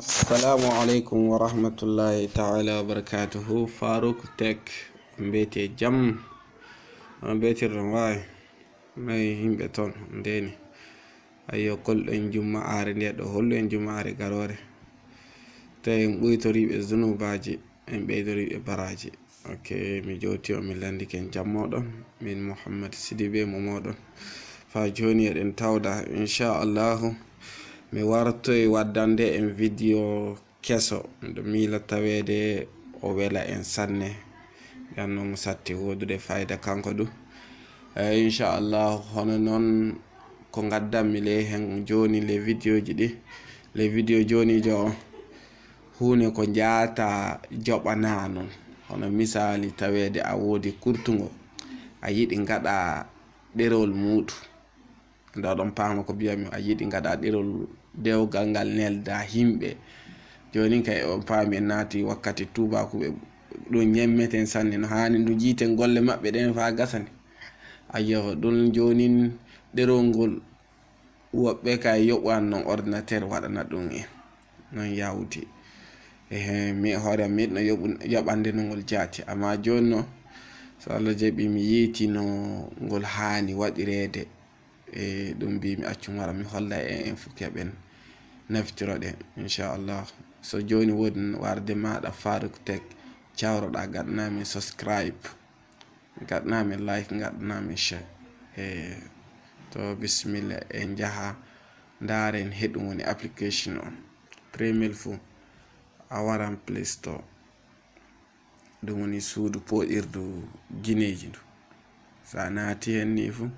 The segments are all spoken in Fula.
assalamu aleykum wa rahmatullahi taala wa barakatuhu farouk tek mbiyete jaam no mbiyetirɗo wawi mayi yimɓe toon ndeni ayo kolɗoen jumma'are nde ɗo hollu en jumma'are garore tawi en ɓuytoriɓe zunubaji en ɓeydoriɓe baraji ok mi jowti o min landiken jammoɗon min mouhammad sidi ɓe momoɗon fa joni eɗen tawda inchallahu mi wartoy waddande en vidéo kesso miɗo mila tawede o wela en sanne ganno mo satti wodude fayida kanko du eyi inchallah hono noon ko gaddanmi le hen joni le vidéo ji ɗi le vidéo joni jo on hunde ko jaata joɓana non hono misali tawede a wodi kurtugo a yiɗi gaɗa ɗerol muɗum nda ɗon pama ko mbiyami a yiɗi gaɗa ɗerol dewgal ngal nelda himɓe joni ka e on paami en naati wakkati tubakuɓe ɗum yemmeten sanne no haani ndu jiiten golle maɓɓe ɗen faa gasani ayo ɗum jonin ɗerol ngol woɓɓe ka yoɓan noon ordinateur waɗana ɗum en non yawti mi hoore min no yoɓande no ngol jaati amma joni noon so allah jaɓi mi yiitino ngol haani waɗireede e ɗum mbimi accu wara mi holla e en fukeɓen naftiroɗe inchallah so joni woodi warde maɗa faruk tek cawroɗa gaɗanami subscribe gaɗanami like gaɗanami sha e to bisimilla e jaaha daren heɗum woni application on premiel fou a waran play store ɗum woni suudu poɗirdu guineji ndu sa naati hen ni fou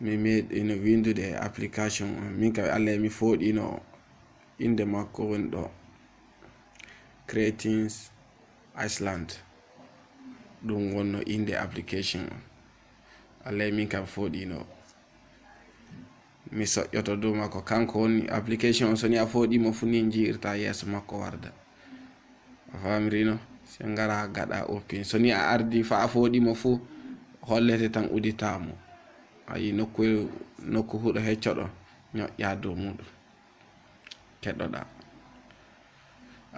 mi meɗino window the application on min kam allah mi foɗino inde makko woni ɗo creatins iceland ɗum wonno the application on allah min kam foɗino mi soƴƴoto dow makko kanko woni application on soni a foɗimo fu ni jiirta yeeso makko warda a famirino se gara gaɗa oppin soni a ardi fa a foɗimo fu hollete tan uditamo ayi nokkuyel nokku huɗo heccoɗo ñoƴƴa dow muɗum keɗɗoɗa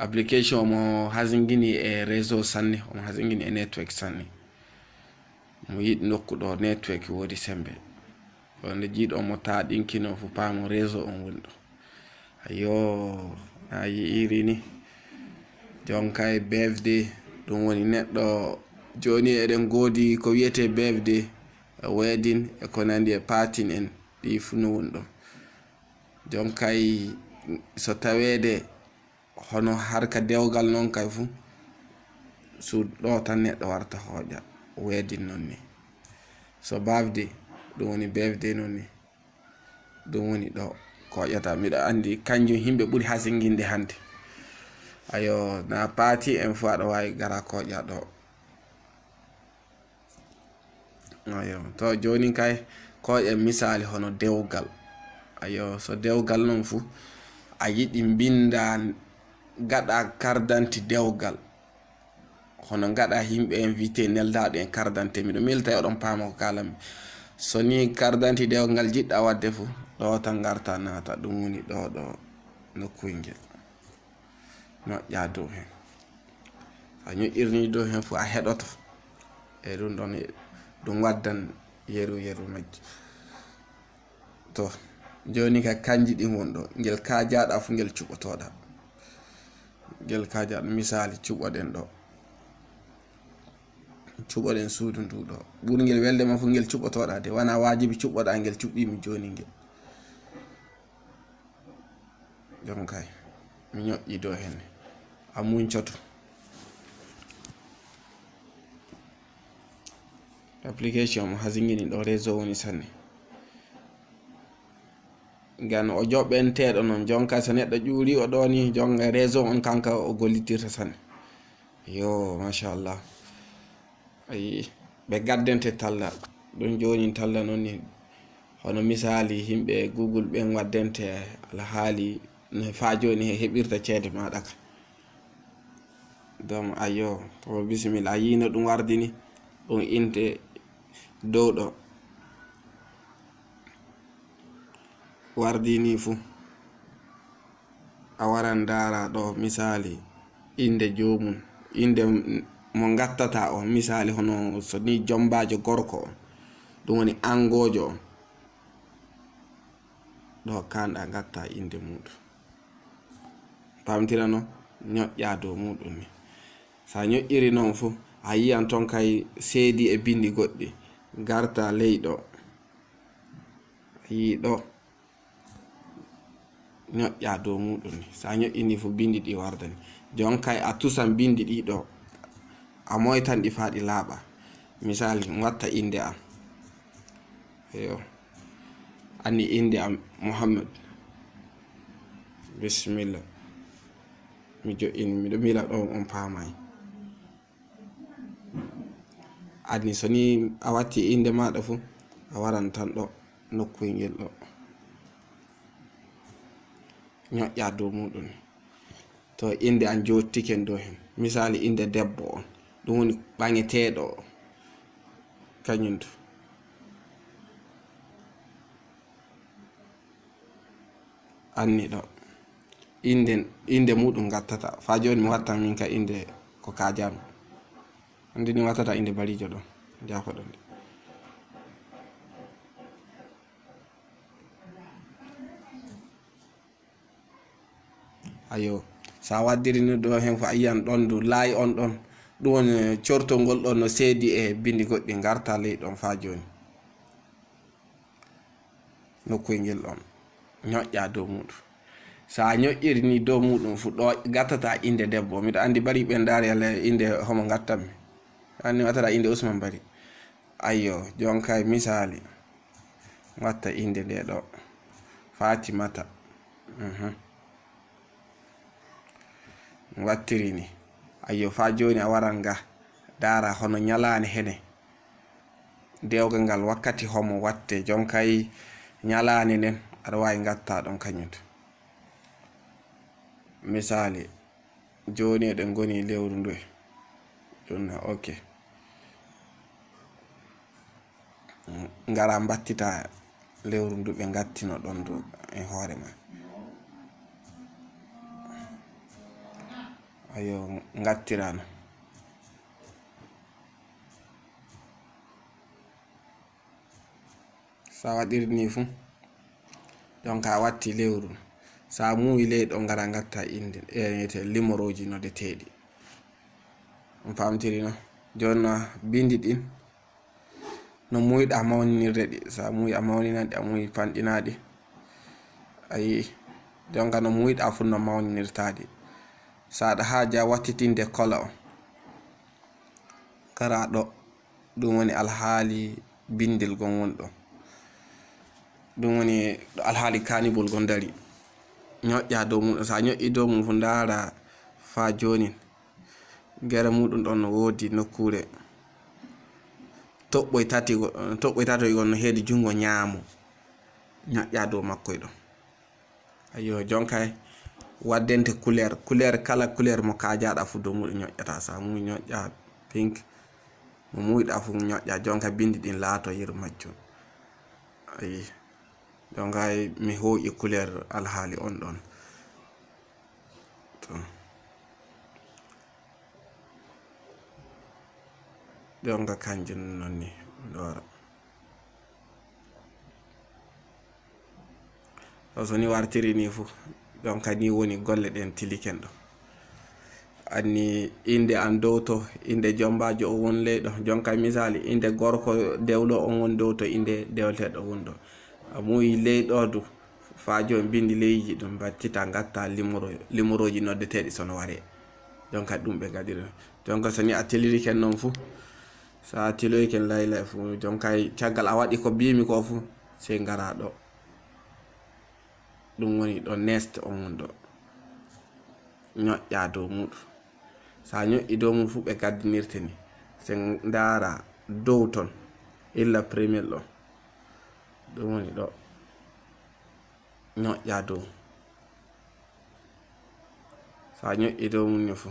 application omo hasinguini e réseau sanne omo hasinguini e network sanne mo yiɗi nokkuɗo network woodi sembe onde jiiɗo mo taa ɗinkino fo paamo réseau on woni ɗo ayo a yi iri ni jonka e bfd ɗum woni neɗɗo joni eɗen goodi ko wiyete bfd E wedin e ko nandi e patin en ɗi funu wun ɗum jon kay so tawede hono harka dewgal noon kay fu so ɗo tan neɗɗo warta hooƴa wedin noon ni so bafde ɗum woni befde noon ni ɗum woni ɗo koƴata miɗo andi kanjum yimɓe ɓuuri ha singinde hande ayo na pati en fo aɗa wawi gara koƴa ɗo ayo to joni kay ko en misali hono dewgal ayo so dewgal noon fuu a yiɗi binda gaɗa cardanti dewgal hono gaɗa yimɓe invité neldaɗo en cardanté miɗo milta e oɗon paama ko kalami so ni cardanti dewgal jiɗɗa wadde fuu ɗo tan garta nata ɗum woni ɗo ɗo nokkuyngel ñoƴƴa dow hen a ñoƴƴirni dow hen fuu a heɗoto eyi ɗum ɗon e ɗum waddan yeru yeru majji to joni ka kanji ɗin wonɗo gel kajaɗa fu gel cuɓotoɗa gel kajaɗa misali cuɓoɗen ɗo cuɓoɗen suudu nduɗo ɓurgel welde ma fu gel cuɓotoɗa de wona wajibi cuɓɓoɗa gel cuɓɓimi joni gel jon kay mi ñoƴƴi dow henne amuñcoto application mo hasigini ɗo réseau woni sanne ngam o joɓɓenteɗo noon jonka so neɗɗo ƴuuri o ɗo ni jonga réseau on kanka o gollitirta sanne yo machallah ayi ɓe gaddente talla ɗum joni talla noon ni hono misali yimɓe google ɓen waddente alhaali no fa joni he heɓirta ceede maɗa ka donc ayo to bisimilla a yino ɗum wardini ɗum inte dow ɗo wardini fu a waran dara ɗo misali inde jomum inde mo gattata o misali hono so ni jombajo gorko o ɗum woni angojo o ɗo kanɗa gatta inde muɗum pamtirano ñoƴƴa dow muɗum ni sa ñoƴƴiri noon fu a yiyan ton kay seedi e bindi goɗɗi garta ley ɗo yi ya do dow sa nyo ini fu bindi di wardani jon kay a bindi di do a moytan ɗi faa ɗi misal watta inde am yo ani inde am muhammad Bismillah, mi jo'ini miɗo mila ɗon on paamay adni so ni a watti e inde maɗa fuu a waran tan ɗo nokkuy ngel ɗo ñoƴƴa dow muɗum to inde an jottiken dow hen misali inde debbo on ɗum woni ɓaŋeteɗo o kañumdu anni ɗo inde inde muɗum gattata fa joni mi wattan min ka inde ko kajami hande ni watata inde barijo ɗon jako ɗon ɗi ayo sa waddiri niɗo hen fo ayiyan ɗon du laayi on ɗon ɗum woni cortongol ɗon no seedi e bindi goɗɗi garta ley ɗon fa joni nokkoy ngel ɗon ñoƴƴa dow muɗum sa ñoƴƴiri ni dow muɗum fu ɗo gattata inde debbo miɗa andi bari ɓen daari ala inde homo gattanmi anni wattata inde usman bari ayyo jonka e misali watta inde nde ɗo fatimata mhm. wattiri ni ayyo fa joni a waran nga dara hono ñalani hene dewgal ngal wakkati homo watte jonkay ñalani nden aɗa wawi gatta ɗon kañumto misali joni eɗen goni lewru ndue Yonna, ok. Ngara mbattita lewru ndu ɓe ngattino ɗon ndu e hoore ma. Ayo ngattirano. Sa waɗiri ni fu. Donc a watti lewru. Sa muwi ley ɗo ngara ngatta inde e limoroji nodeteɗi. on famtirino jonna no bindi ɗin no muyiɗa mawninirde ɗi sa muyi a mawninani ɗi a muyi fanɗinaɗi ayi jonka no muyiɗa fu no mawninirtaɗi saɗa haaja wattitinde kola on kara ɗo ɗum woni alhaali bindilgon wonɗon ɗum woni ɗo alhaali kanibol gon dari ñoƴƴa dow mum sa ñoƴƴi dow mum fu ndara fa jonin gera muɗum ɗon no woodi nokkure toɓɓoe tatoy e gon no heedi junngo ñaamo ñaƴƴa dow makkoye ɗon ayo jonkay e, waddente couleur couleur kala couleur mo kajaɗa fu dow muɗum ñoƴƴata sa muy ñoƴƴa pink mo muyɗa fu ñoƴƴa jonka bindi ɗin laato yeru majjum ayi jonkay e, mi hoƴi couleur alhaali on ɗon to so. ɗonga kanjum nonni ɗoora o so ni wartiri ni fuu donka ni woni golle ɗen tiliken ɗo anni inde an dow to inde jombajo o won ley ɗo jonka misali inde gorko dewlo on won dow to inde dewleteɗo won ɗo amuyi ley ɗo du fa joni bindi leyji ɗum battita gatta limro limroji noddeteɗi sono ware donka ɗum ɓe gadiri donka so ni a tiliriken noon fuu sa tiloyken laylay fu jon kay caggal a waɗi ko mbimi ko fu sey ngara ɗo ɗum woni ɗo nest on won ɗo ñoƴƴa dow muɗum sa ñoƴƴi dow mum fu ɓe gaddinirte ni se ndara dow ton illa premier ɗo ɗum woni ɗo ñoƴƴa dow sa ñoƴƴi dow mum ni fu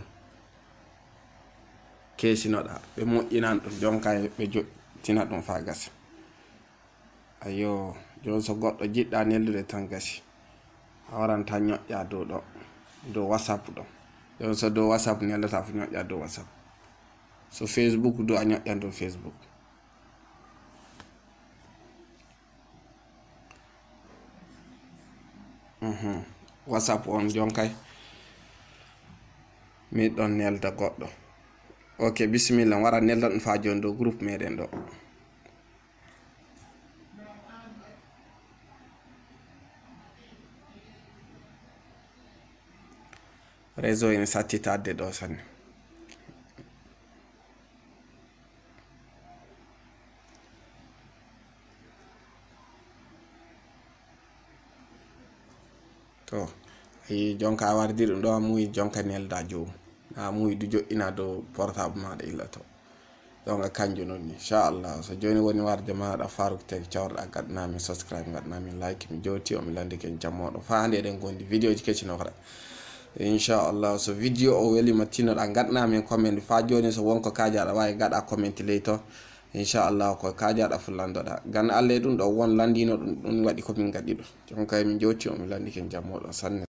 kesinoɗa ɓe moƴƴinan ɗum jonka ɓe joɗtina ɗum fa gasa ayo jon so goɗɗo jiɗɗa nellude tan gasi a waranta ñoƴƴa dow ɗo dow whatsapp ɗo jon so dow whatsapp nellata fo ñoƴƴa dow whatsapp so facebook do a ñoƴƴan dow facebook mhm. whatsapp on jonkay miɗon nelda goɗɗo ok bisimilla wara nelda ɗum fa joni ɗo groupe meɗen ɗo réseau ene sattitadde ɗo sanne to ayi jonka wardi ɗum ɗo amuyi jonka nelda joomum ha muydu joƴina dow portable maɗa illato donc kanjum noon ni inchallah so joni woni warde maɗa farouk tek cawrɗa gaddanami subscribe gaddanami like mi jowti omi landiken jammoɗo fa nde eɗen gondi vidéo ji keccinokoɗa inchallah so vidéo o welima tinnoɗa gaddanami commente fa joni so wonko kajaɗa wawi gaɗa commente ley to inchallah ko kajaɗa fo landoɗa gan allah e ɗum ɗo won landino ɗum ɗum waɗi komin gaɗiɗo jonkay min jowti omi landiken jammoɗo sanne